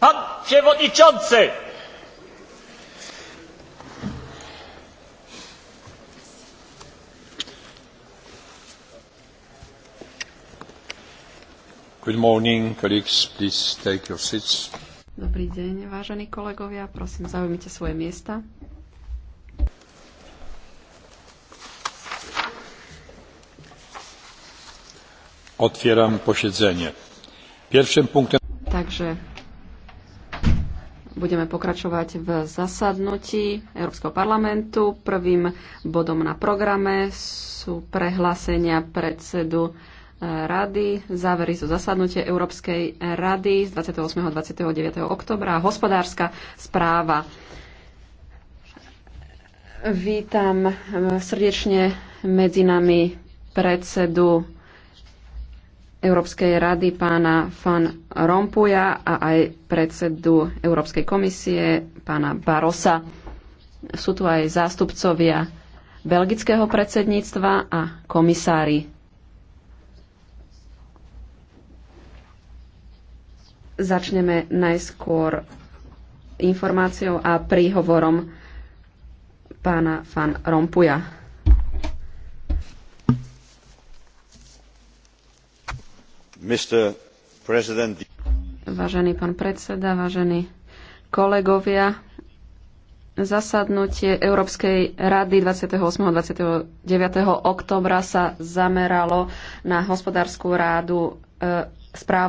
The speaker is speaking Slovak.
Pan przewodniczący! Good morning, colleagues. Please take your seats. Dobrý deň, vážení kolegovia. Prosím, zaujmite svoje miesta. Otvieram posiedzenie. Pierwszym punktem... Takže budeme pokračovať v zasadnutí Európskeho parlamentu. Prvým bodom na programe sú prehlásenia predsedu eh, rady, závery zo zasadnutie Európskej rady z 28. a 29. oktobra a hospodárska správa. Vítam eh, srdečne medzi nami predsedu Európskej rady pána Van Rompuja a aj predsedu Európskej komisie pána Barosa. Sú tu aj zástupcovia belgického predsedníctva a komisári. Začneme najskôr informáciou a príhovorom pána Van Rompuja. Vážený pán predseda, vážení kolegovia, zasadnutie Európskej rady 28. a 29. oktobra sa zameralo na hospodárskú rádu e, správu